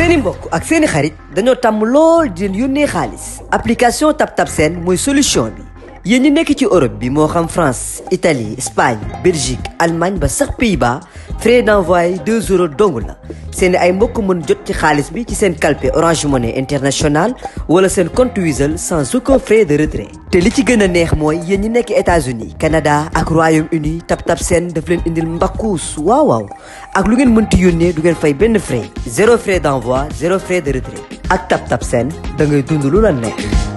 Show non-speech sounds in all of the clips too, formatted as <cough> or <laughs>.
seeni mbokk ak seeni xarit dañoo tàmm lool di leen yónnee xaalis application Tab Tab Send mooy solution bi yéen ñi nekk ci Europe bi moo xam France Italie Espagne Belgique Allemagne ba sax Pays-Bas frais d'envoi 2 euros dong la seen ay mbokk mën jot ci xaalis bi ci seen calpe Orange Money International wala seen compte Wizall sans aucun frais de retrait. te li ci gën a neex mooy yéen ñi nekk États-Unis Canada ak Royaume-Uni tap tap seen daf leen indil mbakkuus waaw waaw ak lu ngeen mënti yónnee du ngeen fay benn frais zéro frais d'envoi zéro frais de retrait ak tap tap seen da ngay dund lu la neex.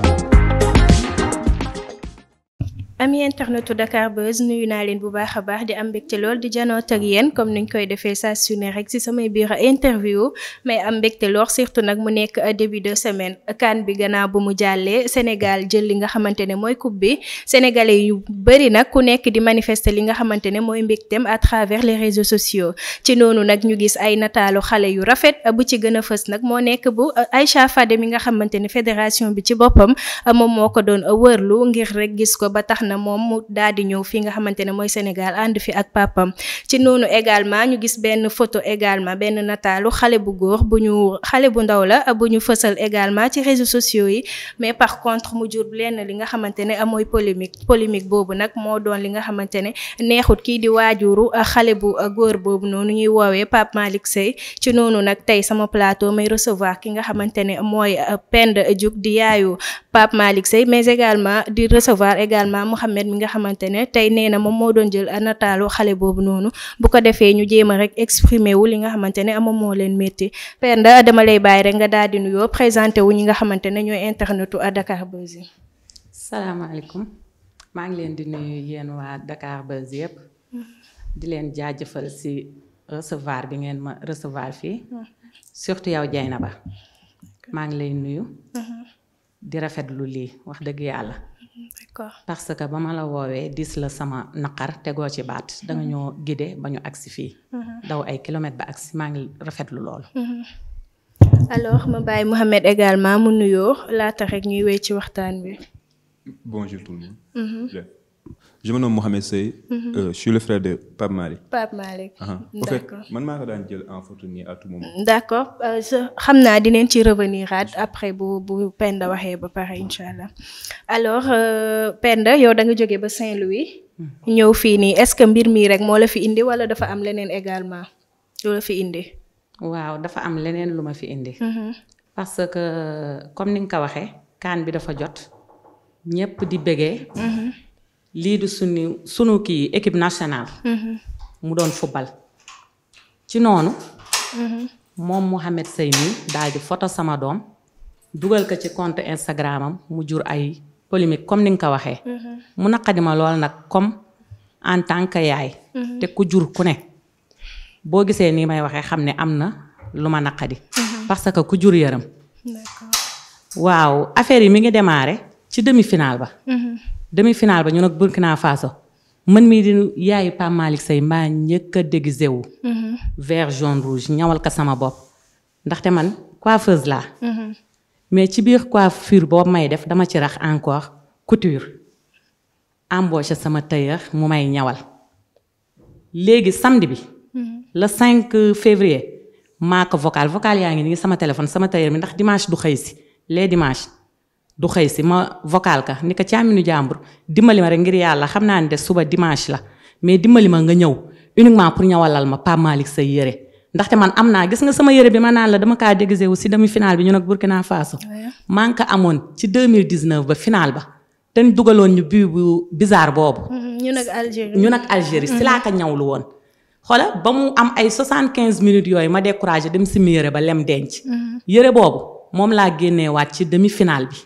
ami internetu Dakar Buzz nuyu naa leen bu baax a baax di am mbégte lool di janoot ak yéen comme niñ koy defee saa su ne rek si samay biir interview mais am mbégte lool surtout nag mu nekk début de semaine kan bi gannaaw bu mu jàllee Sénégal jël li nga xamante ne mooy coupe bi sénégalais yu bëri nag ku nekk di manifester li nga xamante ne mooy mbégteem à travers les réseaux sociaux ci noonu nag ñu gis ay nataalu xale yu rafet bu ci gën a fës nag moo nekk bu ay Fade mi nga xamante ne fédération bi ci boppam moom moo ko doon wërlu ngir rek gis ko ba tax na moom mu daal di ñëw fi nga xamante ne mooy Sénégal ànd fi ak papam ci noonu également ñu gis benn photo également benn nataalu xale bu góor bu ñu xale bu ndaw la bu ñu fësal également ci réseaux sociaux yi mais par contre mu jur lenn li nga xamante ne mooy polémique polémique boobu nag moo doon li nga xamante ne neexut kii di waajuru xale bu góor boobu noonu ñuy woowee Pape Malick Seye ci noonu nag tey sama plateau may recevoir ki nga xamante ne mooy Penda Diouf di yaayu Pape Malick Seye mais également di recevoir également Mouhamed mi nga xamante ne tey nee na moom moo doon jël nataalu xale boobu noonu bu ko defee ñu jéem a rek exprimer wu li nga xamante ne moom moo leen métti Penda dama lay bàyyi rek nga daal di nuyoo présenté wu ñi nga xamante ne ñooy internetu à Dakar Buzz. salaamaaleykum maa ngi leen di nuyu yéen waa Dakar Buzz yëpp di leen jaajëfal si recevoir bi ngeen ma recevoir fii mm-hmm. surtout yow Dieynaba maa ngi lay nuyu. Mm-hmm. di rafetlu lii wax dëgg yàlla. Mm-hmm, d'accord parce que ba ma la woowee dis la sama naqar tegoo ci baat danga mm-hmm. ñoo gide ba ñu agsi fii. Mm-hmm. daw ay kilomètres ba agsi maa ngi rafetlu loolu. alors ma bàyyi Mouhamed également mu nuyoo laata rek ñuy wéy ci waxtaan bi. je me nomme Mohamed Seye. Mhm. Euh, je suis le frère de Pape Malick. Pape Malick. d' accord man euh, xam naa dinañ ci revenir aat après bu bu Penda waxee ba pare incha allah alors euh, Penda yow da nga jógee ba Saint-Louis. Mhm. ñëw fii nii est ce que mbir mii rek moo la fi indi wala dafa am leneen également lu la fi indi. waaw dafa am leneen lu ma fi indi. Mhm. parce que comme ni nga ko waxee kaan bi dafa jot. ñëpp di bégee. lii di suñu sunu kii équipe nationale. Mm-hmm. mu doon football. ci noonu. Mm-hmm. moom Mouhamed Sey mi daal di sama doom dugal ko ci compte Instagram am mu jur ay polémique comme ni nga ko waxee. Mm-hmm. mu naqadi ma lool nag comme en tant que yaay. te ku jur ku ne boo gisee nii may waxee xam ne am na lu ma naqadi. parce que ku jur yaram. waaw affaire yi mi ngi démarré ci demi-finale ba. demi-finale ba ñu nag Burkina Faso man mii di yaayu Pape Malick Seye mbaa njëkk a déguisé wu. Mm-hmm. vert jaune rouge ñawal ko sama bopp ndaxte man coiffeuse laa. Mm-hmm. mais ci biir coiffure boobu may def dama ci rax encore couture embauché sama tailleur mu may ñawal. léegi samedi bi. Mm-hmm. la 5 février maa ko vocal vocal yaa ngi nii sama téléphone sama tailleur bi ndax dimanche du xëy si les dimanches du xëy si ma vocal ka ni ko caaminu jàmbur dimbali ma rek ngir yàlla xam naa ne de suba dimanche la mais dimbali ma nga ñëw uniquement pour ñawalal ma Pape Malick say yére ndaxte man am naa gis nga sama yére bi ma naan la dama kaa déguisé wu si demi final bi ñu nag Burkina Faso. Ah maa ngi ko amoon ci 2019 ba final ba. te ñu dugaloon ñu bii bu bizarre boobu. Mm-hmm. ñu nag Algérie ñu nag Algérie si laa ko mm-hmm. ñawlu woon. xoola ba mu am ay quinze minutes yooyu ma découragé dem si mu yére ba lem denc. Mm-hmm. yére boobu moom laa génneewaat ci demi final bi.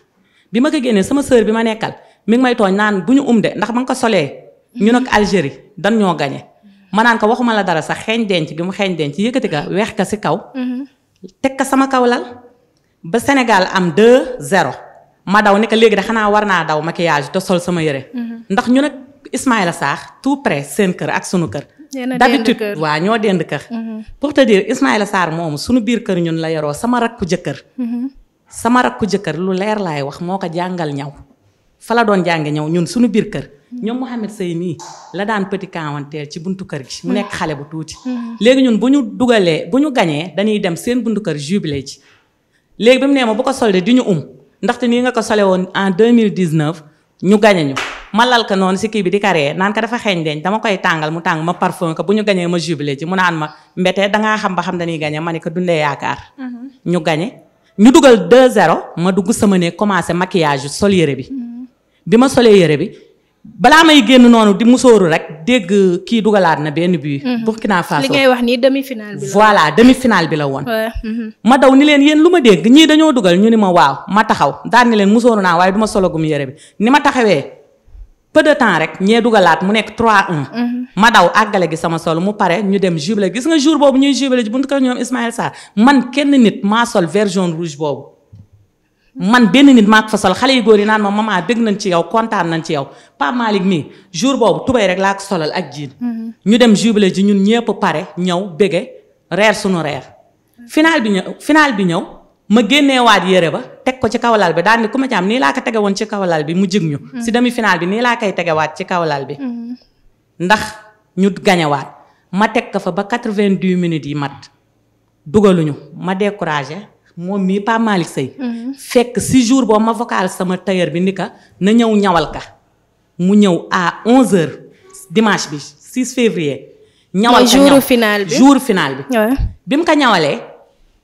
bi ma ko génnee sama sœur bi ma nekkal mi ngi may tooñ naan bu ñu um de ndax ma nga ko solee ñu nag Algérie dan ñoo gañe ma naan ko waxuma la dara sax xeeñ denc gi mu xeeñ denc yëkkati ka weex ka si kaw mhm. teg ka sama kaw lal ba Sénégal am 2-0 ma daw ne léegi de xanaa war naa daw ma maquillage te sol sama yëre mhm. ndax ñu nag Ismaïla Sarr tout près seen kër ak sunu kër d'habitude waa ñoo dend kër mhm. pour te dire Ismaïla Sarr moomu sunu biir kër ñun la yoroo sama rakku jëkkër sama rakku jëkkër lu leer laay wax moo ko jàngal ñaw fa la doon jànge ñaw ñun suñu biir kër ñoom mu Mouhamed Sey nii la daan pëti kawanteel ci buntu kër gi mu nekk xale bu tuuti mm-hmm. léegi ñun bu ñu dugalee bu ñu gañee dañuy dem seen buntu kër jubilé ci léegi bi mu nee ma bu ko soldé di ñu um ndaxte nii nga ko sole woon en mille 2019 ñu gañe ñu ma lal ko noonu si kii bi di karee naan ko dafa xeeñ deñ dama koy tàngal mu tàng ma parfum ko bu ñu gañee ma jubilé ci mu naan ma mbete dangaa xam ba xam dañuy gañe ma ni ko dundee yaakaar mm-hmm. ñu dugal 2-0 ma dugg sama ne commencé maquillage sol yére bi bi ma solee yére bi balaa may génn noonu di musóoru rek dégg kii dugalaat na benn bi mhm. Burkina Faso li ngay wax nii demi finale bi la voilà bi la woon. Mhm. ma daw ni leen yéen lu ma dégg ñii dañoo dugal ñu ni ma waaw ma taxaw daan ni leen musóoru naa waaye du ma sologum yére bi ni ma taxawee. peu de temps rek ñee dugalaat mu nekk 3-1. Mhm. ma daw gi sama sol mu pare ñu dem jubilé gis nga jour boobu ñuy jubilé ji buntu ko ñoom Ismaël Sarr man kenn nit maa sol vert jaune rouge boobu. man benn nit maa ko sol xale yu góor yi naan ma maman bëgg nañ ci yow kontaan nañ ci yow Pape Malick mii jour boobu tubay rek laa solal ak jiin. Mhm. ñu dem juble ji ñun ñëpp pare ñëw bége reer sunu reer. Mhm. final bi ñëw. ma génneewaat yére ba teg ko ci kawlal bi daal ni ku ma ci am nii laa ko tege woon ci kawlal bi mu jig ñu si hmm. demi final bi nii laa koy tegewaat ci kawlal bi hmm. ndax ñu gañewaat ma teg ko fa ba quatre-vingt-dix minutes yi mat dugaluñu ma découragé moom mii Pape Malick Seye hmm. fekk si jour boobu ma vocal sama tailleur bi ni ka na ñëw ñawal ka mu ñëw à onze heures dimanche bi 6 février ñawal ko ñaw jour final bi jour bi bi mu ko ñawalee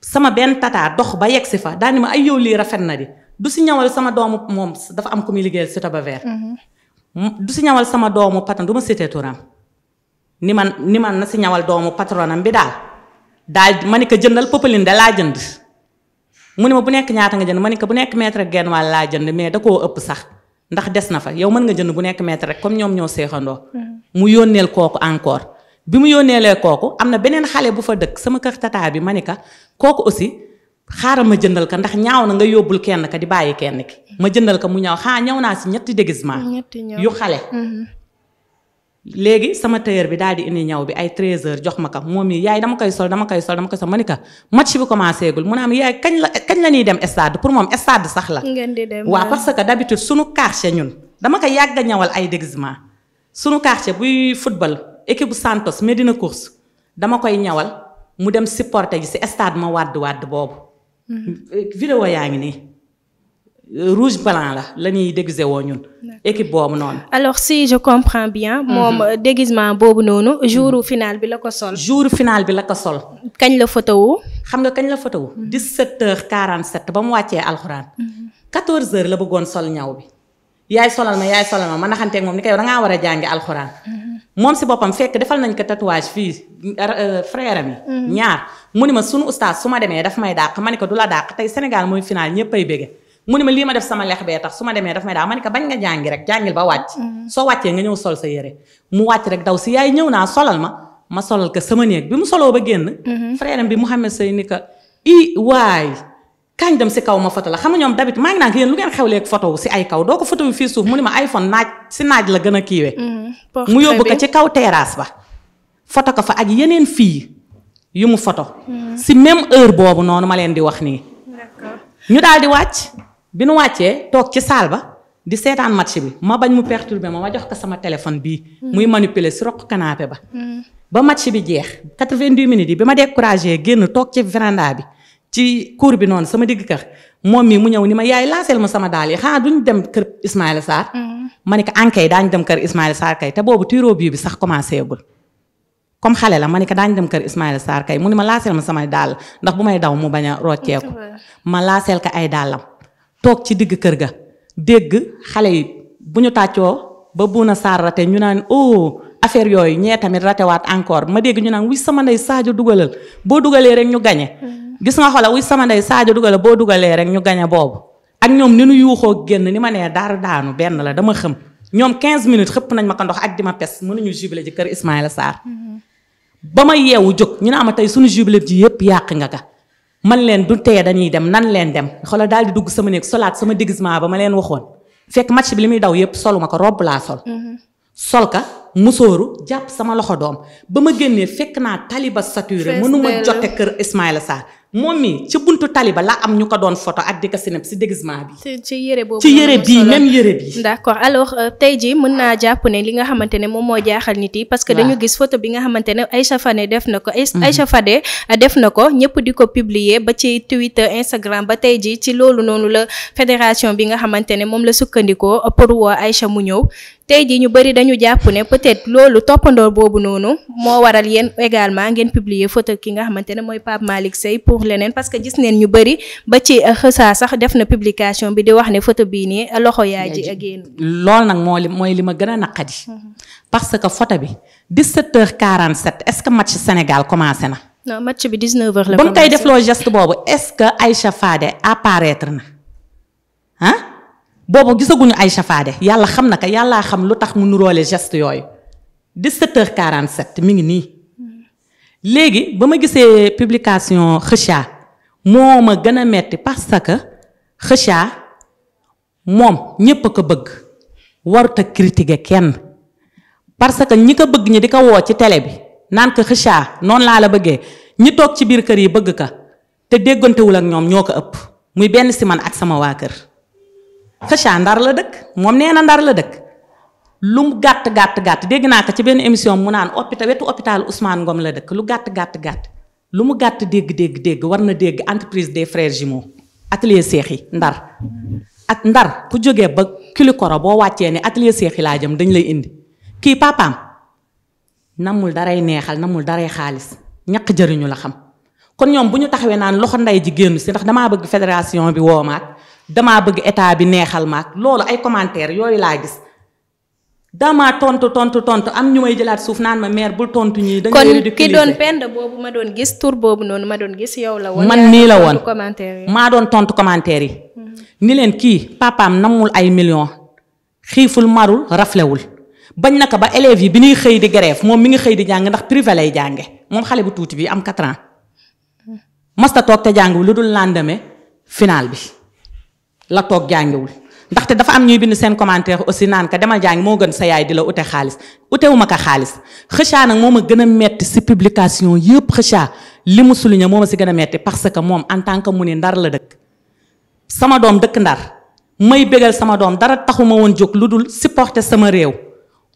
sama benn tata dox ba yegg si fa daani ma ay yow lii rafet na di du si ñawal sama doomu moom dafa am ku muy liggéeyal si taba vert mhm. du si ñawal sama doomu patron du ma cité turam ni man ni man na si ñawal doomu patronam bi daal daal ma ni ko jëndal popeline da laa jënd mu ne ma bu nekk ñaata nga jënd ma ni ko bu nekk mètre ak genn wàll laa jënd mais da koo ëpp sax ndax des na fa yow mën nga jënd bu nekk mètre rek comme ñoom ñoo seexandoo mhm. mu yónneel kooku encore bi mu lee kooku am na beneen xale bu fa dëkk sama kër tata bi ma ni ka kooku aussi xaaral ma jëndal ka ndax ñaaw na nga yóbbul kenn ka di bàyyi kenn ki ma jëndal ka mu ñaw xaa ñaw naa si ñetti déguisement yu xale mm-hmm. léegi sama tailleur bi daal di indi ñaw bi ay 13h jox ma ka moom yi yaay dama koy sol dama koy sol dama koy sol ma ni ka match bi commencé gul mu ne am yaay kañ la kañ la ñuy dem stade pour moom stade sax la waaw parce que d'habitude suñu quartier ñun dama ko yàgg a ñawal ay déguisement suñu quartier buy football équipe bu Santos Medina course dama koy ñawal mu dem supporter ji si stade ma wàdd wàdd boobu. Mm-hmm. vidéo yaa ngi nii. rouge blanc la la ñuy déguisé woo ñun. équipe boobu noonu. alors si je comprends bien. Mm-hmm. moom euh, déguisement boobu noonu mm-hmm. jour finale bi la ko sol. jour final bi la ko sol. kañ la photo wu. xam nga kañ la photo wu. 17h47 ba mu wàccee alxuraan. 14h la bëggoon sol ñaw bi. yaay solal ma yaay solal ma ma naxanteeg moom ni ko yow da ngaa war a jàngi alxuraan. moom si boppam fekk defal nañ ko tatouage fii euh, frère am yi. Mm-hmm. ñaar mu ni ma sunu ustaas su ma demee daf may dàq ma ni ko du la dàq tey Sénégal mooy final ñëpp ay bége. mu ni ma lii ma def sama lex bee tax su ma demee daf may daaw ko bañ nga jàngi rek jàngil ba wàcc mm-hmm. soo wàccee nga ñëw sol sa yére mu wàcc rek daw si yaay ñëw naa solal ma ma solal ko sama néeg bi mu soloo ba génn mm-hmm. frère am bi Mouhamed Seye ni ko i waay kañ dem si kaw ma photo la xam nga ñoom d'habitude maa ngi naan yéen lu ngeen xewleeg photo wu si ay kaw doo ko photo wu fii suuf mu ne ma iPhone naaj si naaj la gën a kiiwee. Mm-hmm. mu yóbbu ko ci kaw terrasse ba. photo ko fa ak yeneen fii yu mu photo. Mm-hmm. si même heure boobu noonu ma leen di wax nii. ñu daal di wàcc bi nu wàccee toog ci saal ba di seetaan match bi ma bañ mu perturbé ma ma jox ko sama téléphone bii. Mm-hmm. muy manipuler si roq canapé ba. ba match bi jeex 90 minutes yi bi ma découragé génn toog ci véranda bi. ci cour bi noonu sama digg kër moom mii mu ñëw ni ma yaay laaseel ma sama daal yi xanaa duñ dem kër Ismaïla Sarr. Mm. ma ne ko ankay daañu dem kër Ismaïla Sarr kay te boobu tiro bii bi sax commencé gul. comme xale la ma ne ko daañu dem kër Ismaïla saar kay mu ni ma laaseel ma samay daal ndax bu may daw mu bañ a rocceeku. ma laaseel ko ay dàllam toog ci digg kër ga. dégg xale yi bu ñu tàccoo ba Bouna Sarr rate ñu naan oh, affaire yooyu ñee tamit rate waat encore ma dégg ñu naan wi sama ndey Sadio dugalal boo dugalee rek ñu gañe mm. gis nga xola wuy sama ndey Sadio dugale boo dugalee rek ñu gañe boobu ak ñoom ni nu yuuxoo génn ni ma nee dara daanu benn la dama xëm ñoom 15 minutes xëpp nañ ma ko ndox ak di ma pes mënuñu jubilé ji kër Ismaïla Sarr ba ma yeewu jóg ñu ne ama tey suñu juble ji yépp yàq nga ka man leen du teye dañuy dem nan leen dem xola daal di dugg sama néeg solaat sama déguisement ba ma leen waxoon fekk match bi li muy daw yépp soluma ko robb laa sol mm-hmm. sol ka musóoru jàpp sama loxo doom ba ma génnee fekk naa taliba saturé mënuma jote kër Ismaïla Sarr moom mi ci buntu taliba la am ñu ko doon photo ak di ko sinab si déguisement bi ci yére boobu ci bii même yére bi d'accord euh, tey jii mën naa jàpp ne li nga xamante ne moom moo jaaxal nit yi parce que dañu gis photo bi nga xamante ne Aïcha def na ko mhm. Aïcha Fade euh, def na ko ñëpp di ko publier ba ci Twitter Instagram ba tey jii ci loolu noonu la fédération bi nga xamante ne moom la sukkandikoo pour woo Aïcha mu ñëw tey jii ñu bëri dañu jàpp ne peut loolu toppandoo boobu noonu moo waral yéen également ngeen publier photo ki nga xamante ne mooy Pape Malick Seye pour leneen parce que gis neen ñu bëri ba ci euh, xësaa sax def na publication bi di wax ne photo bii nii euh, loxo yaay ji ak génn loolu nag moo mooy li ma gën a naqadi mhm. parce que photo bi 17 heures 47 est-ce que match Sénégal commencé na non bi 19 heures la ba mu koy defloo geste boobu est-ce que Aïcha Fadé apparaître na boobu gisaguñu ay Fadé yàlla xam na ko yàllaa xam lu tax mu nuroole geste yooyu 17h47 mi ngi nii léegi ba ma gisee publication Kheucha moo ma gën a metti parce que Kheucha moom ñépp a ko bëgg warut a kenn parce que ñi ko bëgg ñi di ko woo ci télé bi naan ko Kheucha noonu laa la bëggee ñi toog ci biir kër yi bëgg ka te déggantewul ak ñoom ñoo ko ëpp muy benn si man ak sama waa kër Kheucha ndar la dëkk moom nee na ndar la dëkk lu mu gàtt gàtt gàtt dégg naa ko ci benn émission mu naan hôpital wetu hôpital Ousmane Ngom la dëkk lu gàtt gàtt gàtt lu mu gàtt dégg dégg dégg war na dégg entreprise des frères jumeaux atelier seex yi ndar ak ndar ku jógee ba kilikoro boo wàccee ne atelier seex yi laa jëm dañ lay indi kii papaam namul daray neexal namul daray xaalis ñaq jëriñu la xam kon ñoom bu ñu taxawee naan loxo ndey ji génn si ndax damaa bëgg fédération bi woo maag damaa bëgg état bi neexal maag loolu ay commentaire yooyu laa gis dama tontu tontu tontu am ñu may jëlaat suuf naan ma mère bul tontu ñii. da nga kon ki doon pend boobu ma doon gis tur boobu noonu ma doon gis yow la woon. man nii la woon maa doon tontu commentaire yi. ni leen kii papaam namul ay millions xiiful marul raflewul bañ naka ba élèves yi bi ñuy xëy di grève moom mi ngi xëy di jàng ndax privé lay jànge moom xale bu tuuti bi am 4 ans. toog te jàngiwul lu dul lendemain final bi la toog jàngiwul. ndaxte dafa am ñuy bind seen commentaire aussi naan ka demal jàngi moo gën sa yaay di la ute xaalis utewu ma ko xaalis xëcca nag moom a gën a metti si publication yëpp xëcca li mu souligné moom a si gën a metti parce que moom en tant que mu ne ndar la dëkk sama doom dëkk ndar may bégal sama doom dara taxuma woon jóg lu dul supporter sama réew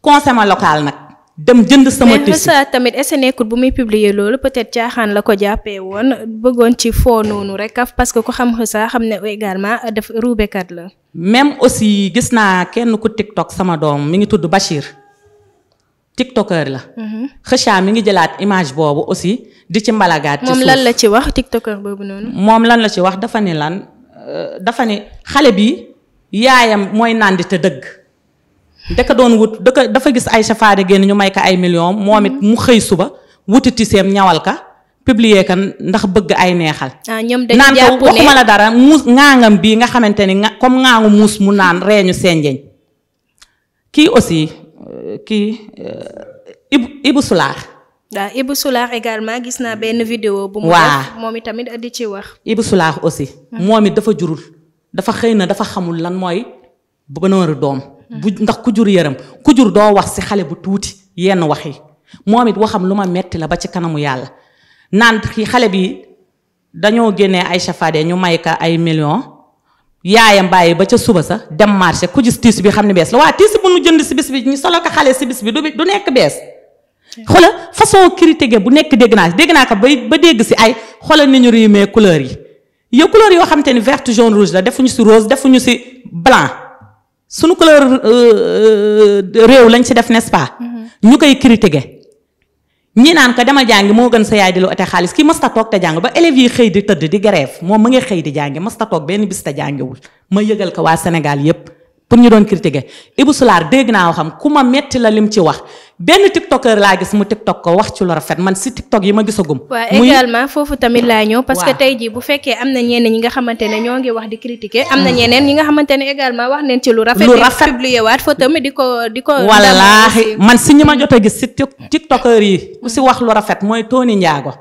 conseil ma local nag dem jënd sama tissu mais tamit est-ce nekkul bu muy publier loolu peut-être caaxaan la ko jàppee woon bëggoon ci foo noonu rek parce que ku xam xësa xam ne également def ruubekat la. même aussi gis naa kenn ku TikTok sama doom mi ngi tudd Bachir TikToker la. Mhm. xësa mi ngi jëlaat image boobu aussi di ci mbalagaat. ci suuf moom lan la ci wax TikToker boobu noonu. moom lan la ci wax dafa ni lan euh, dafa ne xale bi yaayam mooy naan di te dëgg. daka doon wut dafa gis ay Fade génn ñu may ko ay million moom it mu xëy suba wuti tiseem ñawal ka publier kan ndax bëgg ay neexal. Ah, naan ko waxuma la dara muus ŋaangam bii nga xamante ni nga comme ŋaangu muus mu naan reeñu senjeñ kii aussi euh, kii euh, Ibou Ibou Soulaar. waaw Ibou également gis naa benn vidéo. bu mu def moom di ci wax. Ibou Soulaar aussi. Hmm. moom it dafa jurul dafa xëy na dafa xamul lan mooy bonooru doom. bu ndax ku jur yaram ku jur doo wax si xale bu tuuti yenn wax yi moom it waxam lu ma metti la ba ci kanamu yàlla naan xale bi dañoo génnee ay chafade ñu may ka ay million yaayam bàyyi ba ca suba sax dem marché ku gis tiis bi xam ne bees la waa tiis bu nu jënd si bis bi ñu solo ko xale si bis bi du du nekk bees xoolal façon bu nekk dégg naa dégg naa ko ba ba dégg si ay xoolal ni ñu riimee couleur yi yow couleur yoo xam te ni verte jaune rouge la defuñu si rose defuñu si blanc suñu couleur euh, euh, réew lañ ci def n'est-ce pas. Mm-hmm. ñu koy critiquer ñi naan ko demal jàngi moo gën sa yaay di la ote xaalis ki mës toog te jàng ba élèves yi xëy di tëdd di grève moom mu ngi xëy di jàngi mës toog benn bis te jàngiwul ma yëgal ko waa Sénégal yépp pour ñu doon critiquer Ibou Soulard dégg naa waxam ku ma metti la lim ci wax benn tiktoker laa gis mu tiktok ko wax ci lu rafet man si tiktok yi ma gisagum. waaw foofu tamit laa ñëw. parce que tey jii bu fekkee am na ñeneen ñi nga xamante ne ñoo ngi wax di critiquer. am na ñeneen ñi nga xamante ne également wax neen ci lu rafet. lu rafet di publier waat fa tamit di ko di ko. wallaahi man si ñi ma jot a gis si tiktoker yi ku si wax lu rafet mooy Tony Ndiago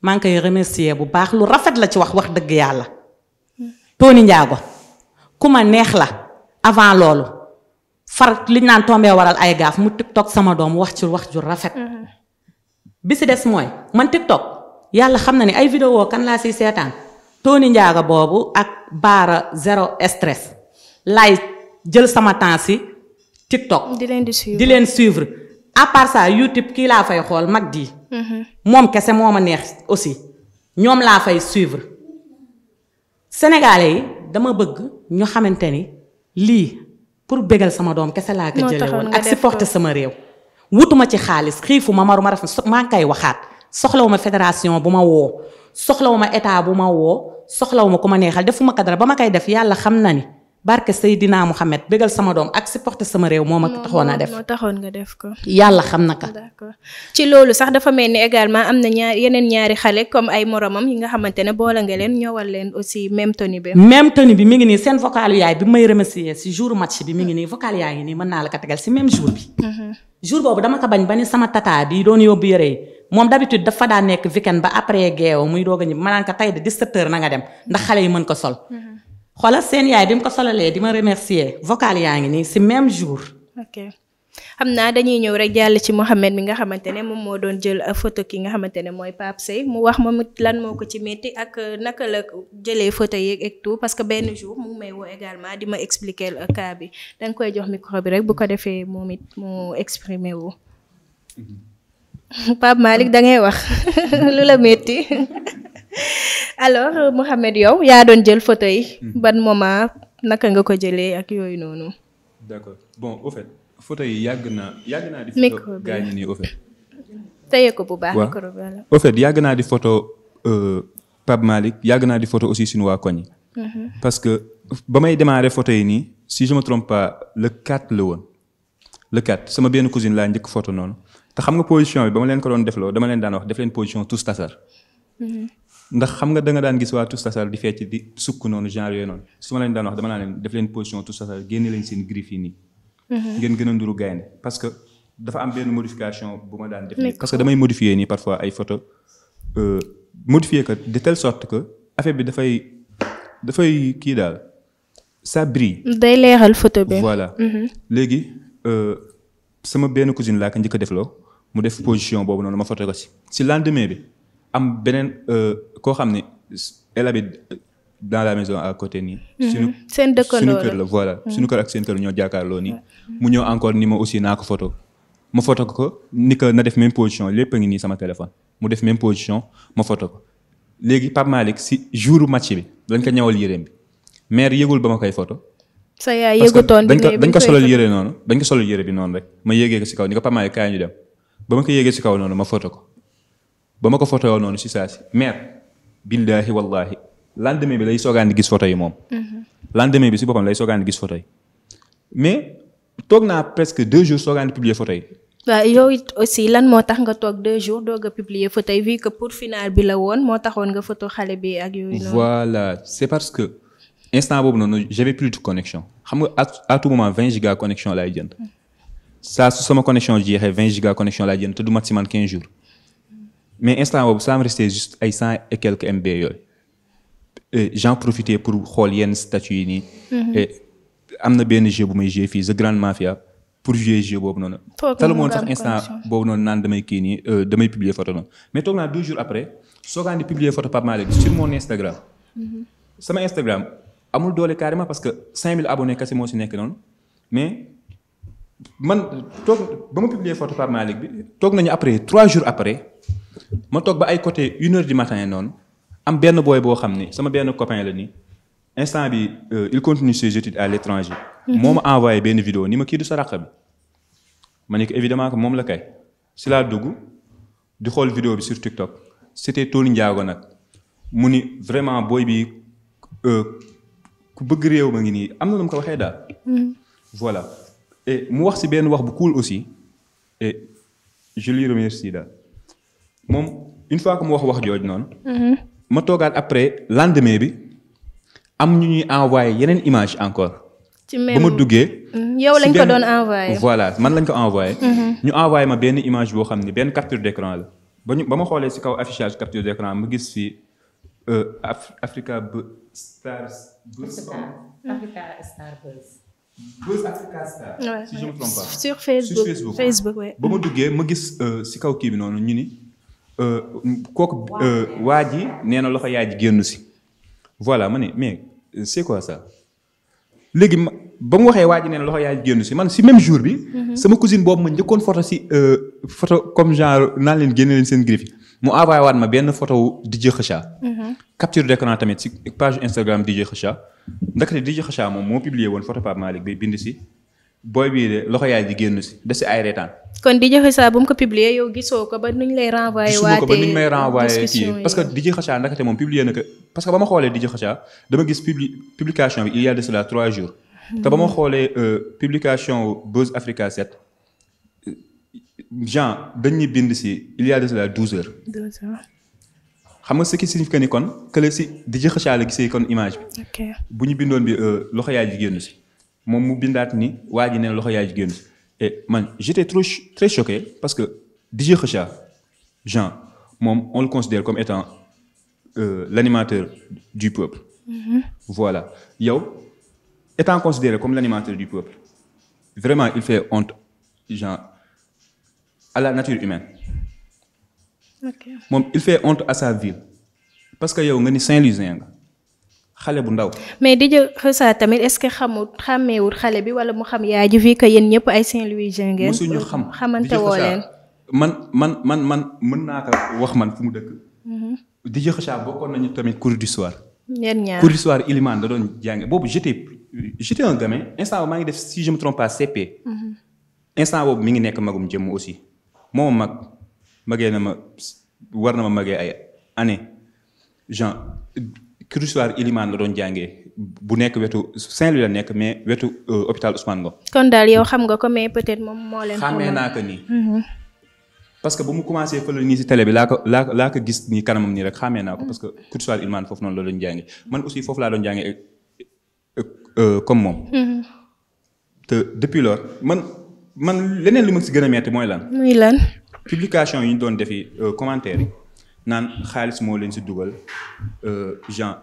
maa ngi koy remercier bu baax lu rafet la ci wax wax dëgg yàlla hmm. Tony Ndiago ku neex la. avant loolu far liñ naan tombee waral ay gaaf mu tiktok sama doom wax ci wax ju rafet. Mm-hmm. bi si des mooy man tiktok yàlla xam na ni ay vidéo kan laa si seetaan Tony njaago boobu ak baara zéro stress lay jël sama temps si tiktok. di leen di suivre di leen suivre à part ça youtube kii laa fay xool mag di. Mm-hmm. moom kese moo ma neex aussi ñoom laa fay suivre sénégalais yi dama bëgg ñu xamante ni. lii pour bégal sama doom kese laa ko jële woon ak supporter sama réew wutuma ci xaalis xiifu ma maruma rafet maa ngi koy waxaat soxlawuma fédération bu ma woo soxlawuma état bu ma woo soxlawuma ku ma neexal defuma ko dara ba ma koy def yàlla xam na ni barke Seydina Mohamed bégal sama doom ak supporté sama réew moo ma taxoon a def moo nga def ko. yàlla xam na ka. ci loolu sax dafa mel ni également am na ñaar yeneen ñaari xale comme ay moromam yi nga xamante ne boole nga leen ñëwal leen aussi même toni bi. même toni bi mi ngi nii seen vocal yaay bi may remercier si jour mi ngi nii vocal yaa ngi nii mën naa la ko tegal si même jour bi. Mhm. dafa daa nekk a ñibbi ma naan ko na nga dem ndax xale yi mën ko sol. Mhm. xoolal seen yaay bi mu ko solalee di ma remercier vocal yaa ngi nii si même jour. ok xam naa dañuy ñëw rek jàll ci Mouhamed mi nga xamante ne moom moo doon jël photo ki nga xamante ne mooy Pape Seye mu wax moom lan moo ko ci métti ak euh, naka la jëlee photo yeeg ak tout parce que benn jour mu may woo également di ma expliquer cas bi da nga koy jox micro bi rek bu ko defee moom it mu exprimer wu. Mhm. Pape Malick da wax <laughs> lu la métti. <laughs> <laughs> alors euh, Mouhamed yow yaa doon jël photo yi. Mhm. ban moment naka nga ko jëlee ak yooyu noonu. d'accord bon au yi yàgg naa yàgg naa di. micro bi gaañu teye ko bu baax. micro yàgg naa di photo euh, Pape Malick yàgg naa di photo aussi suñu waa koñ yi. Mhm. parce que ba may démarrer photo yi nii si je me trompe pas le la woon. le 4 sama benn cousine laa njëkk photo noonu te xam nga position bi ba ma leen ko doon defloo dama leen daan wax def leen position tous tasar. Mhm. ndax xam nga da nga daan gis waa tous tasar di fecc di sukk noonu genre yooyu noonu su ma daan wax dama naa leen def leen position tous tasar génne leen seen griffe yi nii. Mhm. ngeen gën a nduru gaynde parce que dafa am benn modification bu ma daan def. parce que damay modifier nii parfois ay photo euh, modifier ko de telle sorte que affaire bi dafay dafay kii daal ça brille. day leeral photo bi. voilà mhm. léegi euh, sama benn cousine laa ko njëkk def defloo mu def position boobu noonu ma photo ko si si lendemain bi. am beneen euh, koo xam ne elle habite dans la maison à côté nii. Mhm. suñu seen dëkkandoo la suñu kër voilà. Mhm. suñu kër ak seen kër ñoo jàkkaarloo nii. mu ñëw encore ni ma aussi naa ko photo ma foto ko ni que na def même position lépp a ngi nii sama téléphone mu def même position ma photo ko léegi Pape Malick si jour match bi dañ ko ñawal yéreem bi maire yëgul ba ma koy photo sa yaay yëgutoon bi dañ ko solal yére noonu dañ ko solal bi noonu rek ma yéegee ko si kaw ni ko Pape dem ba ma ko yéegee si kaw noonu ma photo ko. ba ma ko photo noonu si saa si maire billaahi wallaahi lendemain bi lay soogaan di gis photo yi moom mm-hmm. lendemain bi si boppam lay soogaan di gis photo yi mais toog naa presque deux jours soogaan di publier photo yi lan moo tax nga toog deux jours doog a publier photo yi vu pour final bi la woon moo taxoon nga photo xale bi ak yooyu noonu parce que instant boobu noonu j'avais plus xam nga à tout moment 20 giga connexion laay jënd mm. saa su sama connexion jeexee 20 giga connexion laay jënd te du mat si jours mais instant boobu ça me restait juste ay MB yooyu j'en profitais pour xool yenn statuts yi nii. Mm-hmm. na benn jeu bu may jouer fii pour boobu noonu. tal moon sax instant boobu noonu naan damay kii nii euh, damay publier photo noonu mais après soogaan di publier photo Pape Malick sur mon Instagram. Mm-hmm. sama Instagram amul doole carrément parce que cinq 5000 abonnés kese moo si nekk noonu mais. man toog ba ma publier photo Pape Malick bi toog nañu après trois jours après ma toog ba ay côté une heure du matin noonu am benn booy boo xam ne sama benn coppin la ni instant bi euh, il continue ses études à l'étranger mm-hmm. moo ma envoyé benn vidéo ni ma kii du sa raq bi ma ne ko évidemment que moom la kay si laa dugg di xool vidéo bi sur TikTok c'était Tony njaago nag mu ni vraiment booy bi euh, ku bëgg réew ma ngi nii am na lu mu ko waxee daal. Mm-hmm. voilà mu wax si benn wax bu kuul aussi et je remercie daal. moom une fois que mu wax wax jooju noonu. Mm-hmm. ma toogaat après lendemain bi am ñu ñuy envoyé yeneen image encore. ci ba ma duggee. Mm-hmm. yow lañ ko doon envoyé. voilà man lañ ko envoyé. Mm-hmm. ñu envoyé ma benn image boo xam ne benn capture d'écran la ba ñu ba ma xoolee ci kaw affichage capture d'écran ma gis fii euh, Africa Stars. Africa sur Facebook ba ma duggee ma gis ci euh, kaw kii bi noonu ñu ni. Euh, kooku euh, waa ji nee na loxo yaay ji génn si voilà ma ne mais c'est quoi ça léegi ba mu waxee waa ji nee loxo yaay ji génn si man si même jour bi. Mhm. sama cousine boobu ma njëkkoon photo si foto euh, comme genre naan leen génne leen seen griffe mu envoyé waat ma benn photo wu DJ Kheucha. de d'écran tamit si page Instagram DJ Kheucha ndaxte DJ Kheucha moom moo publié woon photo Pape Malick bi bind si. booy bii de loxo yaay ji génn si des si ay reetaan. kon di joxe saa bu mu ko publier yow gisoo ko ba nuñ lay renvoyé. waatee ko ba nuñ may renvoyé kii parce que DJ Kheucha ndakate moom publier na ko parce que ba ma xoolee DJ Kheucha dama gis publi publication bi il de cela trois jours. te ba ma xoolee euh, publication Buzz Africa 7 euh, Jean dañuy bind si il y de cela douze heures. xam nga ce qui signifie que ni kon kële si DJ Kheucha la gisee kon image bu ñu bindoon bi euh, loxo yaay ji génn si. moom mu bindaat ni waa ji ne loxo yaay ji man j'étais trop très choqué parce que DJ Kheucha Jean moom on le considère comme étant euh, l'animateur du peuple mm -hmm. voilà yow étant considéré comme l'animateur du peuple vraiment il fait honte genre à la nature humaine okay. moom il fait honte à sa ville parce que yow nga ni Saint-Louisien xale bu ndaw. mais di jël xësa tamit est-ce que xamut xàmmeewut xale bi wala mu xam yaay ji fii que yéen ñëpp ay Saint-Louis ngeen. mosuñu xam xamante woo leen. man man man man mën naa wax man fu mu dëkk. Mhm. di jël xësa bokkoon nañu tamit cours du soir. ñaar cours du doon jàng boobu j'étais j'étais un gamin instant maa ngi def si je me trompe pas CP. Mhm. instant boobu mi ngi nekk magum jëmm aussi moom mag magee na ma war na ma magee ay année Cruzwar Ilimane la doon jàngee bu nekk wetu Saint-Louis la nekk mais wetu euh, hôpital Ousmane Ngom. kon daal yow xam nga ko mais peut-être moom moo leen. xàmmee naa ko nii. Mhm. parce que ba mu mhm. foofu noonu la doon jàngee man aussi foofu laa doon jàngee euh, euh, comme moom. Mhm. depuis lors man man leneen lu ma si gën a metti mooy lan. muy lan. publication yi ñu doon defi commentaire naan xaalis moo leen si dugal euh, Jean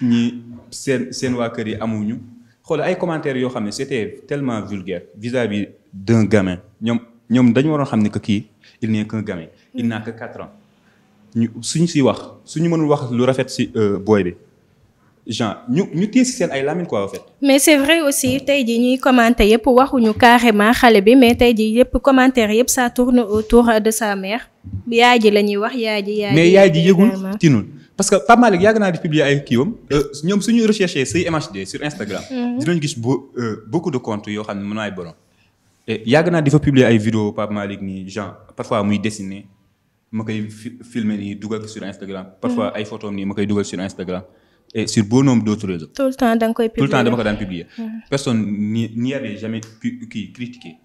ñi seen seen waa kër yi amuñu xool ay commentaires yoo xam ne c'était tellement vulgaire vis-à-vis d'un gamin ñoom ñoom dañu waroon xam ne que kii il n'est qu'un gamin il n'a que quatre ans ñu suñu si wax suñu mënul wax lu rafet si euh, booy bi genre ñu ñu téye seen ay lamine quoi en mais c' vrai aussi tey jii ñuy commenté yëpp waxuñu carrément xale bi mais tey jii yëpp commentaire yëpp sa tourne autour de sa mère. yaay ji la ñuy wax yaay ji. yaay ji mais yaay ji yëgul tinul. parce que Pape Malick yàgg naa di publier ay kiiwam euh, ñoom suñuy recherché say MHD sur Instagram. Mhm. dinañ gis euh, beaucoup de comptes yoo xam ne mën naa ay borom. yàgg naa di fa publier ay vidéo Pape Malick nii genre parfois muy dessiné ma koy filmer nii dugal sur Instagram. parfois mhm. ay photos nii ma koy et sur bon nombre d'autres réseaux. tout le temps da nga koy publier tout le temps mm. personne ni n'y avait jamais pu kii critiqué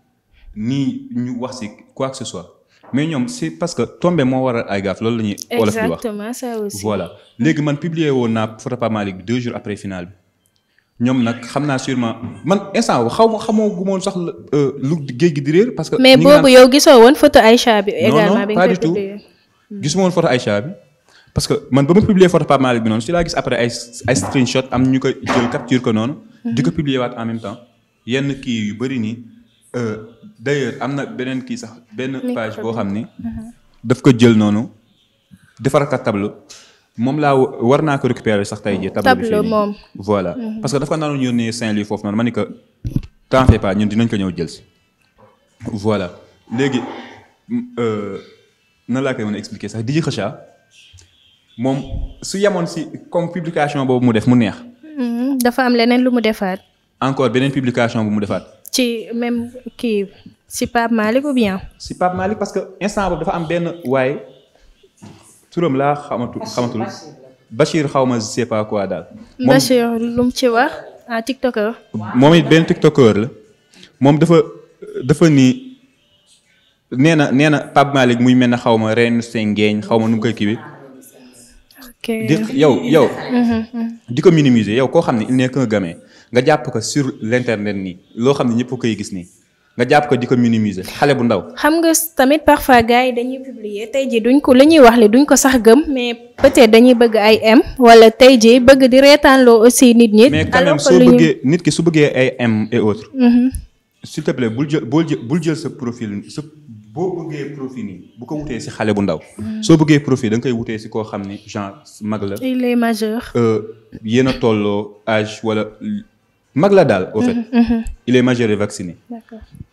ni ñu wax si quoi que ce soit mais ñoom c'est parce que tombé moo waral ay gaaf loolu la ñuy. wolof di exactement ça aussi. voilà léegi man publier woon naa photo Pape Malick bi deux jours après finale bi ñoom nag xam naa sûrement man instant xaw ma xamoo gumoon sax euh, lu géej gi di réer parce que. mais boobu yow gisoo woon photo ay bi. également bi nga koy publier non parce que man ba ma publier photo Pape Malick bi noonu si laa gis après ay ay am ñu ko jël capture ko noonu. di ko publier waat en même temps yenn kii yu bëri nii euh, d'ailleurs am na beneen kii sax benn page boo xam ni. Mhm. daf ko jël noonu defar ko tableau moom laa war naa ko récupérer sax tey jii. tableau bi fii moom voilà. Mhm. parce que dafa naroon yónnee Saint-Louis foofu noonu ma ni que t'en fais dinañ ko ñëw jël si. voilà léegi euh, na laa koy mën a expliquer sax di xëcca moom su yamoon si comme publication boobu mu def mu neex. Mm-hmm. dafa am leneen lu mu defaat. encore beneen publication bu mu defaat. ci même kii si Pape Malick ou bien. si Pape Malick parce que instant boobu dafa am benn waaye turam laa xamatu xamatul. Bachir xaw ma je sais quoi daal. Bachir lu mu ci wax ah moom it benn la moom dafa dafa nii nee na nee na Pape Malick muy mel ne xaw ma ren seen ngeeñ xaw ma nu mu koy kii bi di yow yow. Mm-hmm. di ko minimiser yow koo xam ne il n'est qu'un gamin nga jàpp ko sur l'internet nii loo xam ne ñëpp koy gis nii. nga jàpp ko di ko minimiser xale bu ndaw. xam nga tamit parfois gars yi dañuy publier tey ji duñ ko la ñuy wax li duñ ko sax gëm mais peut-être dañuy bëgg ay m wala tey jii bëgg di reetaanloo aussi nit ñi. mais quand même soo bëggee nit ki su bëggee ay m et autres. Mm-hmm. s'il te plaît bul jël bul jël sa profil sa boo bëggee profit nii bu ko wutee si xale bu ndaw. soo bëggee profit danga nga koy wutee si koo xam ni genre mag la. il est majeur. Euh, yéen a tolloo âge wala mag la daal. au fait mm-hmm, mm-hmm. il est majeur et vacciné.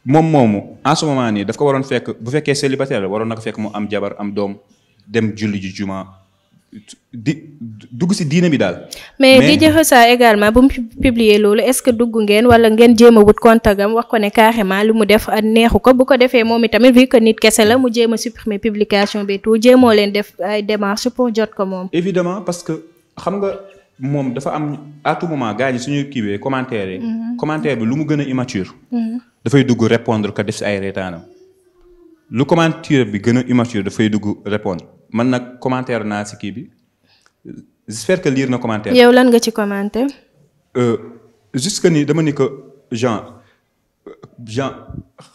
moom moomu en ce nii daf ko waroon fekk bu fekkee célibataire la waroon na ko fekk mu am jabar am doom dem julli ji juma. di dugg si diine bi daal. mais DJ Kheucha également bu mu publier loolu est-ce que dugg ngeen wala ngeen jéem wut contact am wax ko ne carrément li mu def neexu ko bu ko defee moom itamit vu que nit kese la mu jéem a supprimer publication bi tout jéemoo leen def ay démarches pour jot ko moom. évidemment parce que xam nga moom dafa am à tout moment gars yi suñuy kiiwee commentaire yi. Mhm. commentaire bi lu mu gën a immature. Mhm. dafay dugg répondre ko def si ay reetaanam lu commentaire bi gën a immature dafay dugg répondre. man nag commentaire naa si kii bi j'espère na commentaire. yow lan nga ci commenté. Euh, jusque ni dama ni que Jean euh, Jean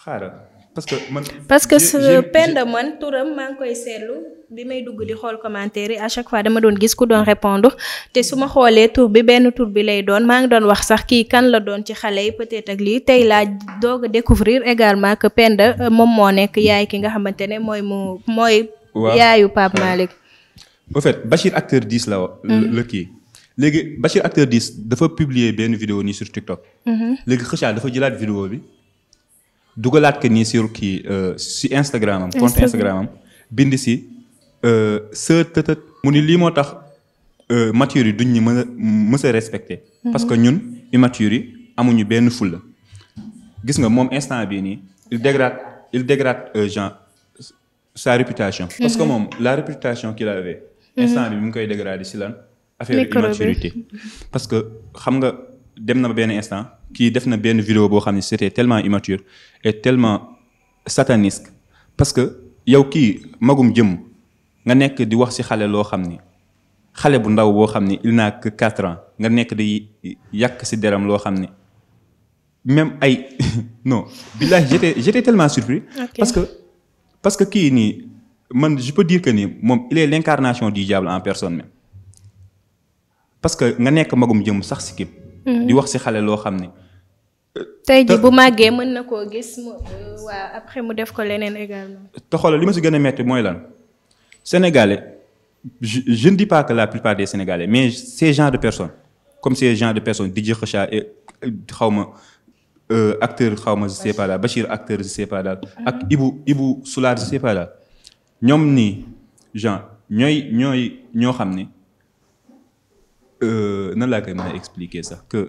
xaaral parce que man. parce que su Penda man turam maa ngi koy seetlu bi may dugg di xool commentaire yi à chaque fois dama doon gis ku doon répondre te su ma xoolee tur bi benn tur bi lay doon maa ngi doon wax sax kii kan la doon ci xale yi peut-être ak lii tey laa doog a découvrir également que Penda euh, moom moo nekk yaay ki nga xamante ne mooy mu mooy. waaw yaayu Pape Malick. au fait Bachir acteur 10 la. la mm-hmm. kii léegi Bachir acteur 10 dafa publier benn vidéo nii sur TikTok. Mm-hmm. léegi Kheucha dafa jëlaat vidéo bi dugalaat ko nii sur kii euh, si Instagram am. compte Instagram am bind si. Euh, sër tëtët mu ni lii moo tax euh, mature yi duñ ñu mën a mës a respecté. Mm-hmm. parce que ñun immature yi amuñu benn fulla gis nga moom instant bii nii il dégrade il dégrade genre. sa réputation. parce que mhm. moom la réputation qu'il mhm. instant bi mu ngi koy dégradé si lan. affaire immaturité parce que xam nga dem na benn instant. kii def na benn vidéo boo xam ne c'était tellement immature et tellement sataniste parce que yow kii magum jëm nga nekk di wax si xale loo xam ni xale bu ndaw boo xam ni il n'a que quatre ans nga nekk di yàq si deram loo xam ni même ay <laughs> non billahi j'étais j'étais tellement surpris parce que parce que kii nii man je peux dire que ni moom il est l'incarnation du diable en personne même parce que nga nekk magum jëm sax si kib mhm. di wax si xale loo xam ne. tey jii bu màggee mën na koo gis mu waa après mu def ko leneen également. te xoolal li ma si gën a metti mooy lan sénégalais je je ne dis pas que la plupart des sénégalais mais ces genres de personnes comme ces genres de personnes di jëxëcha et euh, xaw ma. Euh, acteurs xaw ma je sais pas daal Bachir acteur je sais daal ak Ibou ibu Soulard je sais daal ñoom nii genre ñooy ñooy ñoo xam ni euh, nan laa koy mën a expliquer sax que.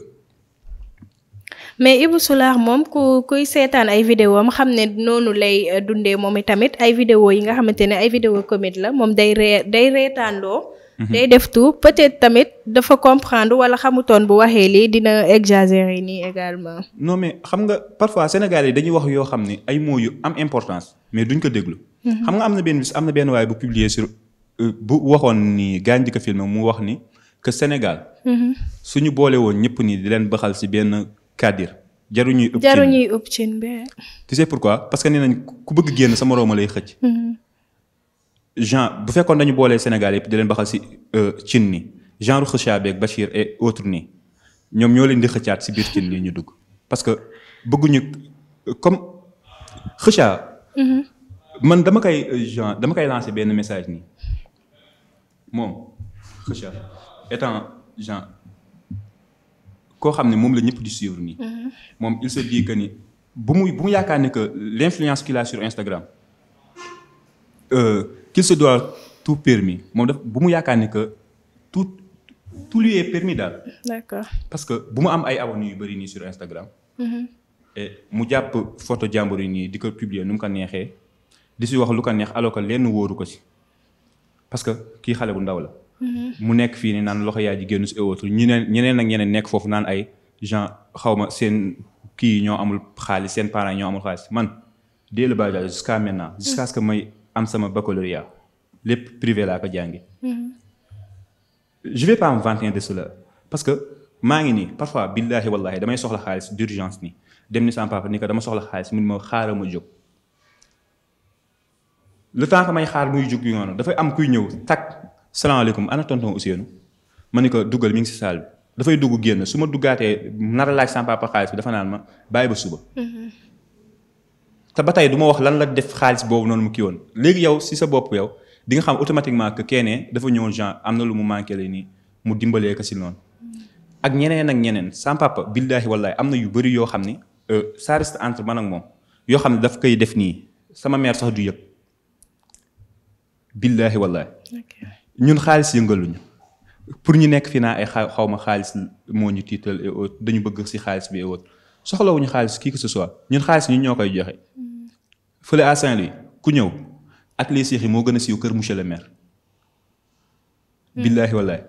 mais Ibou Soulard moom ku kuy seetaan ay vidéo am xam ne noonu lay euh, dundee moom itamit ay vidéo yi nga xamante ne ay vidéo comédie la moom day ree day reetaanloo Mhm. day def tout peut-être tamit dafa comprendre wala xamutoon bu waxee lii dina yi nii également. non mais xam nga parfois Sénégalais yi dañuy wax yoo xam ne ay mots yu am importance mais duñ ko déglu. Mhm. xam nga am na benn bis am na benn waaye bu publier sur euh, bu waxoon ni gaañ di ko filmé mu wax ni que Sénégal. Mhm. suñu boole woon ñëpp nii di leen baxal ci benn kàddir. jaruñuy ëpp cin jaruñuy ëpp cin tu sais pourquoi parce que nee nañ ku bëgg génn sa moroom lay xëcc. genre bu fekkoon dañu boolee Sénégal yëpp di leen baxal si euh, cin ni genre xëcca beeg Bachir et autres nii ñoom ñoo leen di xëccaat si biir cin lii ñu dugg parce que bëgguñu comme xëcca. Mhm. man dama koy euh, genre dama koy lancer benn message nii moom xëcca étant genre koo xam ne moom la ñëpp di suivre nii. Mhm. moom il se dit que bu muy bu mu yaakaar ne que l' influence qu'il a sur Instagram. Euh, qu'il se doit tout permis moom daf bu mu yaakaar ni que tout tout lui est permis daal. parce que bu mu am ay abonnés yu bëri nii sur Instagram. Mm-hmm. mu jàpp photo jàmbur yi nii di ko publier nu mu ko neexee di si wax lu ko neex alors que lenn wóoru ko si parce que kii xale bu ndaw la. Mm-hmm. mu nekk fii nii naan loxo yaay ji génn si ewootul ñeneen ñeneen ak ñeneen nekk foofu naan ay gens xaw ma seen kii ñoo amul xaalis seen parents ñoo amul xaalis man dès le bas âge jusqu'à maintenant. que may am sama baccalauréat lépp privé laa ko jàngi mhm. je de cela parce que maa ngi nii parfois billahi wallahi damay soxla xaalis d'urgence nii dem ni sama papa ni ko dama soxla xaalis mun ma xaaral ma jóg le temps may xaar muy jóg yu noonu dafay am kuy ñëw tak salaamaaleykum ana tonton Ousseynou ma ni ko duggal mi ngi si saal bi dafay dugg génn su ma duggaatee nar a laaj sama xaalis bi dafa naan ma bàyyi ba suba mhm. te ba tey du ma wax lan la def xaalis boobu noonu mu kii woon léegi yow si sa bopp yow dinga xam automatiquement que keneen dafa ñëwoon genre am na lu mu manqué la nii mu dimbalee ko si noonu ak ñeneen ak ñeneen sans papa billaahi wallaahi am na yu bari yoo xam ni euh, ça reste entre man ak moom yoo xam ne dafa koy def nii sama meer sax du yëg billaahi wallaahi ñun xaalis yëngaluñu pour ñu nekk fi naa ay xaw ma xaalis moo ñu tiital dañu bëgg si xaalis bi et soxlawuñu xaalis kii que ce ñun xaalis ñun ñoo koy joxe. fële à saint ku ñëw ak les moo gën a siiw kër monsieur le maire. Hmm. billaahi wallaahi.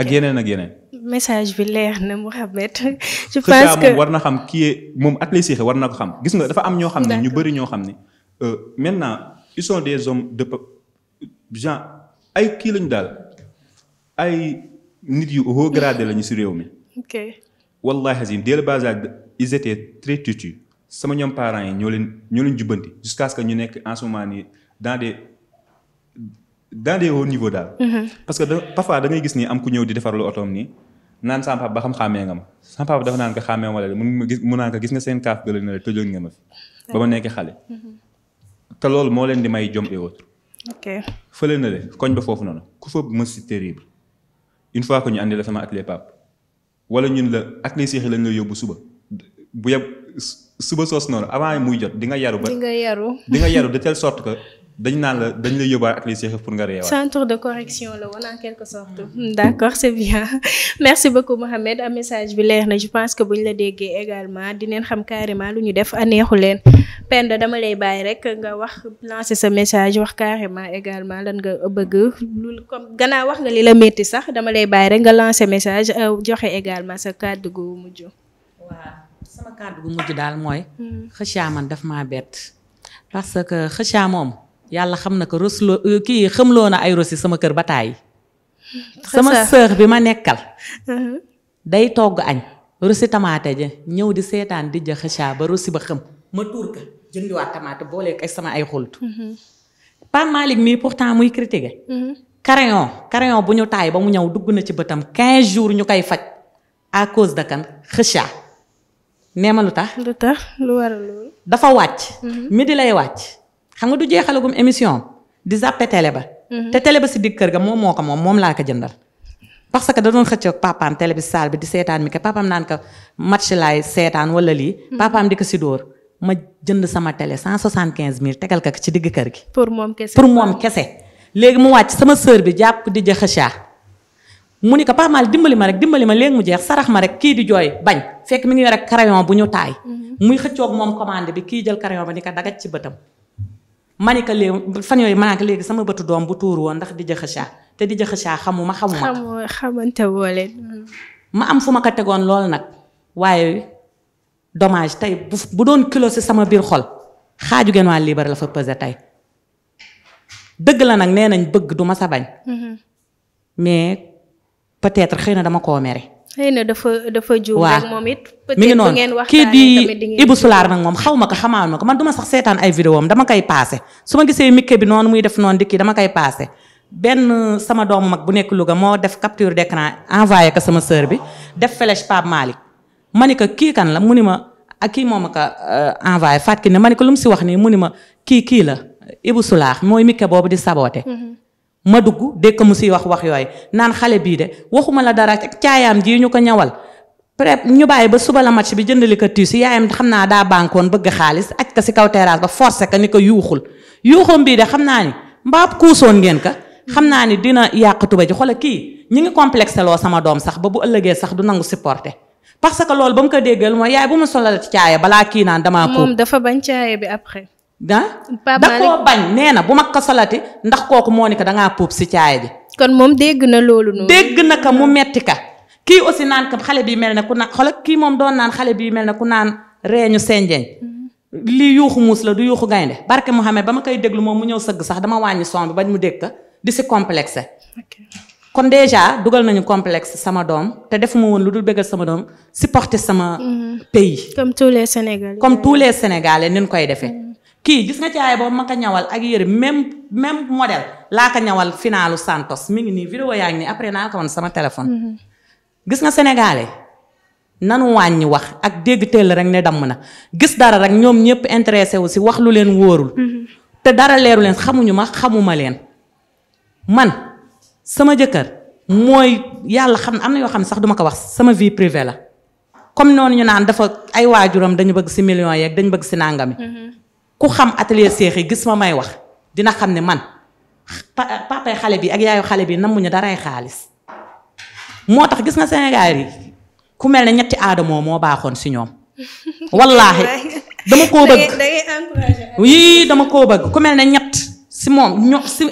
ak yeneen ak yeneen. message bi leer na Mouhamed. <laughs> je pense moom war na xam kii moom ak les war na ko xam gis nga dafa am ñoo xam ne ñu bëri ñoo xam ne. Euh, maintenant ils sont des hommes de gens ay kii lañu daal ay nit yu haut lañu si réew mi. <laughs> ok wallaahi azim dès le bas âge ils sama ñoom parents yi ñoo leen ñoo leen jubbanti jusqu'à que ñu nekk en ce moment nii dans des dans des daal. Mm-hmm. parce que da parfois da ngay gis ni am ku ñëw di defarlu otoom nii naan sama papa ba xam xàmmee nga ma sama papa dafa naan ko xàmmee wala mun naa gis na la tëjoon nga ma nekk xale. Mm-hmm. te loolu moo leen di may jom et autre. na le koñ foofu noonu ku fa mës si fois que ñu andi la sama pap wala ñun la atelier seex lañ la yóbbu suba bu yeb. suba soos noonu avant muy jot di nga yaru ba di nga yaru di de telle sorte que dañ naan la dañ la yóbbaale atelier pour nga réewaat. centre de correction la woon en quelque sorte. Hmm, d' accord c' est bien <laughs> merci beaucoup Mohamed am message bi leer na je pense que buñ la déggee également dineen xam carrément lu ñu def aneexu ah, leen. Penda dama lay bàyyi rek nga wax lancer sa message wax carrément également lan nga bëgg lu comme gannaaw wax nga li la métti sax dama lay bàyyi rek nga lancer message euh, joxe également sa kàddu gu mujj. sama kàddu gu mujj daal mooy. xëcaa hmm. man daf maa bett. parce que xëcaa moom yàlla xam na ko rosloo kii xëmloo na ay rosi sama kër ba taay. sama sœur bi ma nekkal. Hmm. day togg añ. rosi tamaate ja ñëw di seetaan di ja xëcaa ba rosi ba xam ma tuur ka jëndiwaat tamaate booleeg ay sama ay xultu. Hmm. Pape Malick mii pourtant muy critiqué. crayon crayon bu ñu taay ba mu ñëw dugg na ci bëtam 15 jours ñu koy faj à cause de kan xëcaa. nee ma lu tax. lu tax lu waral loolu. dafa wàcc. Mhm. di lay wàcc. xam nga du jeexalagum émission di zappe télé ba. Mhm. te télé ba si digg kër ga moom moo ko moom moom laa ko jëndal. parce que da doon xëcc ak papaam télé bi saal bi di seetaan mi ka papaam naan ko match laay seetaan wala lii. Mhm. papaam di ko si dóor ma jënd sama tele cent soixante quinze mille tegal ko ci digg kër gi. pour moom kese pour moom kese. léegi mu wàcc sama sœur bi jàpp di ja xëcaa mu ni ko pas mal dimbali ma rek dimbali ma léegi mu jeex sarax ma rek kii di jooy bañ fekk mu ngi yore crayon bu ñu taay. Mhm. muy xëccoog moom commande bi kii jël crayon ba ni ko dagaj ci bëtam. ma ni ko léegi fan yooyu ma léegi sama bëtu doom bu tuur woon ndax di jëxëcaa te di jëxëcaa xamuma xamuma. xamante boole. ma am fu ma ko tegoon lool nag waaye domage tey bu bu doon kilo si sama biir xol xaaju genn waa liibar la fa pesé tey dëgg la nag nee nañ bëgg du ma sa bañ. Mhm. mais peut-être xëy na dama koo mere. xëy na dafa dafa juum moom it. mi ngi noonu kii di Ibou Soulard nag moom xaw ma ko xamaan ma ko man duma sax seetaan ay vidéo am dama koy paase. su ma gisee mikke bi noonu muy def noonu di kii dama koy paase benn sama doomu mag bu nekk Louga moo def capture d'écran envoyé ko sama sœur bi def flèche Pape Malick ma ni ko kii kan la mu ni ma ak ah, kii moom aka euh, envoyé Fatou Kiné ma ni ko lu mu si wax nii mu ni ma kii kii la Ibou Soulard mooy mikke boobu di saboote. Mhm. ma dugg dékk mu si wax wax yooyu naan xale bii de waxuma la dara ak caayaam jii ñu ko ñawal. prep ñu bàyyi ba suba la match bi jëndali ko tiis yaayam xam naa daa bànkoon bëgg xaalis aj ko si kaw terrasse ba forcé ko ni ko yuuxul yuuxoom bii de xam naa ni mbaab kuusoon ngeen ka xam naa ni dina yàq tuba ji xoola kii ñu ngi complexé loo sama doom sax ba bu ëllëgee sax du nangu supporté parce que loolu ba mu ko déggal mooy yaay bu ma solal caaya balaa kii naan damaa ko dafa bañ bi après. ah da koo bañ nee na bu ma ko salati ndax kooku moo ni ko dangaa puub si caay ji kon moom dégg na loolu noonu. dégg na ka mu metti ka kii aussi naan ka xale bi mel na ku naan kii moom doon naan xale bi mel na ku naan reeñu senjeñ mm-hmm. lii yuuxu muus la du yuuxu gaynde barke Mouhamed ba ma koy déglu moom mu ñëw sëgg sax dama wàññi son bi bañ mu dégg ka di si complexe kon déjà dugal nañu complexe sama doom te defuma woon lu dul bëggal sama doom supporter sama mm-hmm. pays comme tous les Sénégalais comme tous les Sénégalais nin koy defee mm-hmm. kii gis nga caay boobu ma ka ñawal ak yére même même modèle laa ko ñawal finalu Santos mi ngi nii vidéo yaa ngi nii après naa ko woon sama téléphone. Mhm. gis nga sénégalais nanu wàññi wax ak dégg teel rek ne damm na gis dara rek ñoom ñëpp intéressé wu si wax lu leen wóorul. Mhm. te dara leeru leen xamuñu ma xamuma leen man sama jëkkër mooy yàlla xam am na yoo xam ne sax duma ko wax sama vie privée la comme noonu ñu naan dafa ay waajuram dañu bëgg si millions yeeg dañu bëgg si nangami. Mhm. ku xam atelier seex yi gis ma may wax dina xam ne man papay xale bi ak yaayu xale bi namuñu daray xaalis moo tax gis nga Sénégal yi ku mel ne ñetti aadamoo moo baaxoon si ñoom <laughs> wallaahi dama koo bëgg yii dama koo bëgg ku mel ne ñett si moom ño si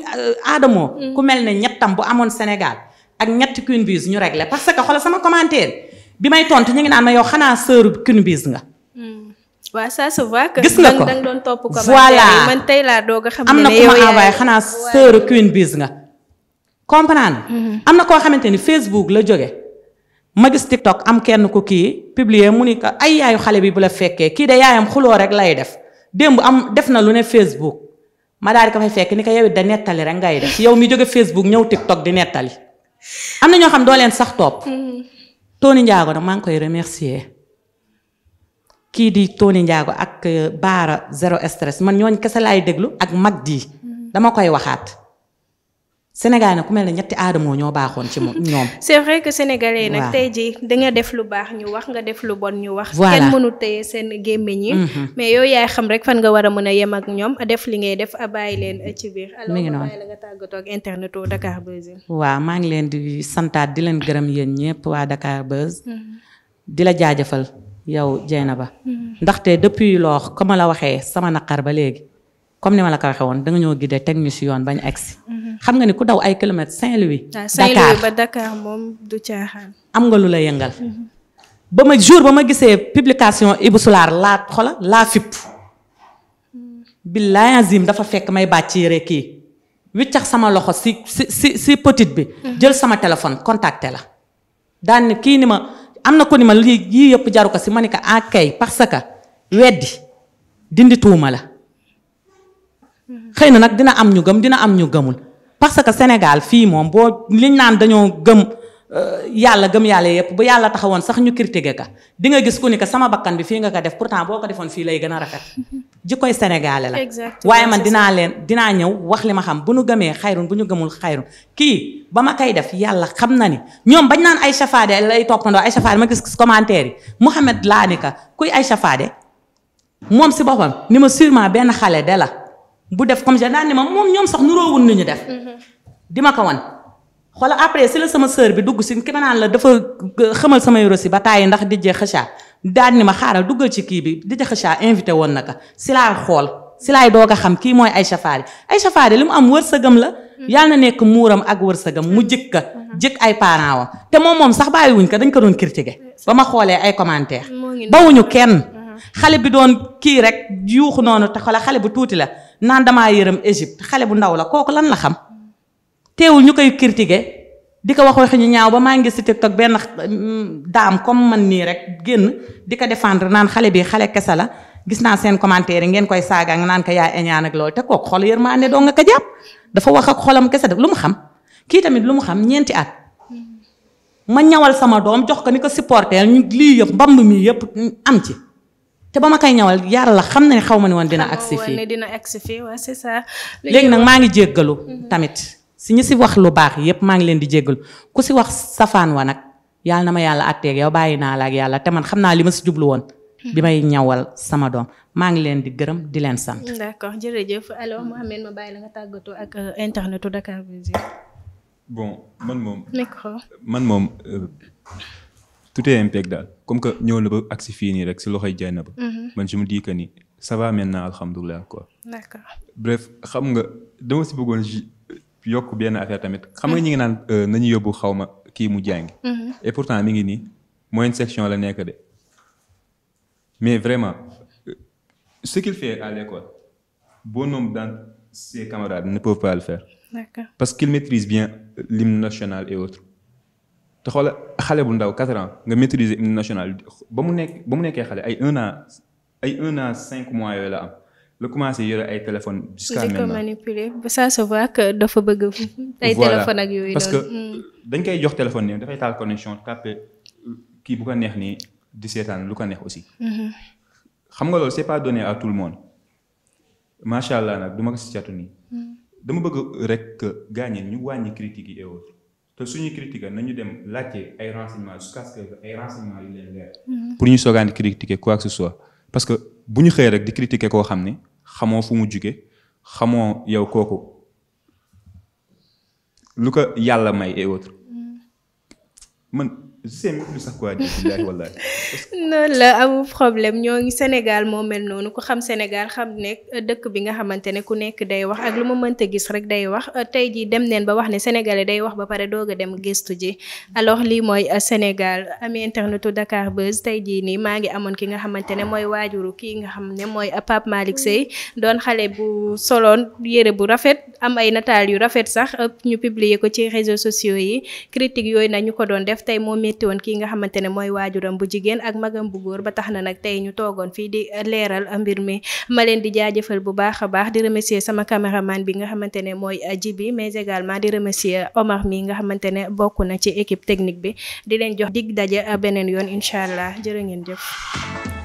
aadamoo euh, mm. ku mel ne ñettam bu amoon Sénégal ak ñetti Queen Biz ñu réglé parce que xoolal sama commentaire bi may tontu ñu ngi naan ma yow xanaa sœur Queen Biz nga waaw gis nga ko da doon topp commentaire yi man tey a xam ne yow am na ku ma envoyé xanaa sœur Queen Biz nga. comprendre mhm. am na koo xamante ni Facebook la jóge ma gis TikTok am kenn ku kii publier mu ni ko ay yaayu xale bi bu la fekkee kii de yaayam xuloo rek lay def démb am def na lu ne Facebook ma daal di ko fay fekk ni ko yow da nettali rek ngay def yow mi jóge Facebook ñëw TikTok di nettali am na ñoo xam doo leen sax topp. Mhm. Tony Ndiago nag maa koy remercier kii di Tony Ndiago ak euh, Baara zéro stress man ñooñ kese laay déglu ak mag di mm. dama koy waxaat. Sénégal nag ku mel ne ñetti aadamoo ñoo baaxoon ci moom <laughs> ñoom. c'est vrai que sénégalais nag tey ji da def lu baax ñu wax nga def lu bon ñu wax. voilà kenn mënu téye seen gémmiñ yi. Mm-hmm. mais yow yaay xam rek fan nga war a mën a yem ak ñoom def li ngay def a bàyyi leen euh, ci biir. mi ngi noonu alors la internet wu Dakar maa ngi leen di santaat di leen gërëm yéen ñëpp waa Dakar Buzz. Mm-hmm. di la jaajëfal. yow Dieynaba mm-hmm. ndaxte depuis lors comme ma la waxee sama naqar ba léegi comme ni ma la ka waxee woon da nga ñoo teg ñu si yoon bañ agsi mm-hmm. xam nga ni ku daw ay kilomètres Saint-Louis. Ah, Dakar ba Dakar moom du am nga lu la yëngal. Mm-hmm. ba ma jour ba ma gisee publication Ibou Soulaar laa xola laa fipp. dafa fekk may bàcci rek kii wiccax sama loxo si si si si bi. jël sama téléphone contacté la daan kii ni ma. am na ko ma lii yii yëpp jaru ko si ma ni ko ah kay parce que weddi dindi tuuma la xëy na nag dina am ñu gëm dina am ñu gëmul parce que Sénégal fii moom boo liñ naan dañoo gëm euh, yàlla gëm yàlla yëpp bu yàlla taxawoon sax ñu critiqué ka di nga gis ku ni que sama bakkan bi fii nga ko def pourtant boo ko defoon fii lay gën a rafet jikkoy sénégalais la waaye man dinaa leen dinaa ñëw wax li ma xam bu ñu gëmee xayrun bu ñu gëmul xayrun kii ba ma koy def yàlla xam na ni ñoom bañ naan ay safaade lay toppandoo ay safaade ma gis yi Mouhamed laa ni kuy ay safaade moom si boppam ni ma sûrement benn xale de la bu def comme je daan ni ma moom ñoom sax nuroowul ni ñu def mm-hmm. di ma ko wan xoola après si la sama sœur bi dugg si ki ma naan la dafa xamal samay rosi ba tàyyi ndax dijjee xëcca daan ni ma xaaral duggal ci kii bi di jaxasaa invité woon na ka si xool silaay doog a xam kii mooy ay Fary ay Fary li mu am wërsëgam la. Mm. yàlla na nekk muuram ak wërsëgam mu jëkk ka mm-hmm. jëkk ay parents wa te moom moom sax bàyyiwuñ ko dañ ko doon critiqué ba ma xoolee ay commentaire bawuñu kenn mm-hmm. xale bi doon kii rek yuuxu noonu te xale xale bu tuuti la naan damaa yërëm Égypte xale bu ndaw la kooku lan la xam mm. teewul ñu koy critiqué di ko wax wax ñu ñaaw ba maa ngi si TikTok benn daam comme man nii rek génn di ko défendre naan xale bi xale kese la gis naa seen commentaire yi ngeen koy saaga nga naan ko yaa eñaan ak loolu te kooku xol yërmaande doo nga ko jàpp dafa wax ak xolam kese def lu mu xam kii tamit lu mu xam ñeenti at ma ñawal sama doom jox ko ni ko supporter ñu lii yëpp mbamb mii yëpp am ci te ba ma koy ñawal yàlla xam na ne xaw ma ne woon dina agsi fii léegi nag maa ngi jéggalu mhm. tamit si ñu si wax lu baax yépp maa ngi leen di jéggal ku si wax safaan wa nag ma yàlla àtteeg yow bàyyi naa la ak yàlla te man xam naa li ma si jublu woon bi may ñawal sama doom maa ngi leen di gërëm di leen sant. d'accord jërëjëf alors Mouhamed ma bàyyi tàggatoo ak euh, internetu Dakar bon man moom. micro man moom euh, tout est impeccable daal comme que ñëw na ba ak si fii nii rek si loxoy jaay na ba. Mhm. man je me dis que ni ça va maintenant alhamdulilah xam yokk yenn affaire tamit. Mm-hmm. xam nga ñi ngi naan euh, nañu yóbbu xaw ma kii mu jàngi. Mm-hmm. et pourtant mi ngi nii moyenne section la nekk de mais vraiment euh, ce qu'il fait à l'école bon nombre d'entre ses camarades ne peuvent pas le faire. parce qu'il maîtrise bien l'hymne national et autres. te xoola xale bu ndaw 4 ans nga maitriser hymne national ba mu nekk ba mu nekkee xale ay 1 an ay 1 an mois yooyu la am. lu commencé yore ay téléphone jusqu'à dafa bëgg. ay <laughs> téléphone ak yooyu parce que hmm. dañ koy jox téléphone nii dafay taal connexion tàppe kii bu ko neex nii di seetaan lu ko neex aussi. Hmm. xam nga lool c'est pas donné à tout le monde macha nag du ma si catu nii. Hmm. dama bëgg rek que ñu wàññi critiques yi et te suñu critiquer nañu dem laajte ay renseignements jusqu'à ce que ay renseignements pour ñu soogaan critiquer quoi que ce parce que bu ñu xëyee rek di critiquer koo xam ni xamoo fu mu jóge xamoo yow kooku lu ko yàlla may et autres mm. man seen lu sax quoi billahi wallahi noonu problème ñoo ngi Sénégal moo mel noonu ko xam Sénégal xam ne euh, dëkk bi nga xamante ne ku nekk day wax ak lu ma mënta gis rek day wax euh, tey jii dem neen ba wax ne sénégalais day wax ba pare doog a dem gëstu ji alors lii mooy euh, Sénégal am internetu Dakar Buzz tey jii nii maa ngi amoon ki nga xamante ne mooy waajuru kii nga xam ne mooy Pape Malick Seye doon xale bu soloon yére bu rafet am ay nataal yu rafet sax ñu publier ko ci méttoon kii nga xamante ne mooy waajuram bu jigéen ak magam bu góor ba tax na nag tey ñu toogoon fii di leeral mbir mi ma leen di jaajëfal bu baax a baax di remercier sama caméraman bi nga xamante ne mooy Jibi mais également di remercier omax mi nga xamante ne bokk na ci équipe technique bi di leen jox digg daje beneen yoon incha allah jërë ngeen jëf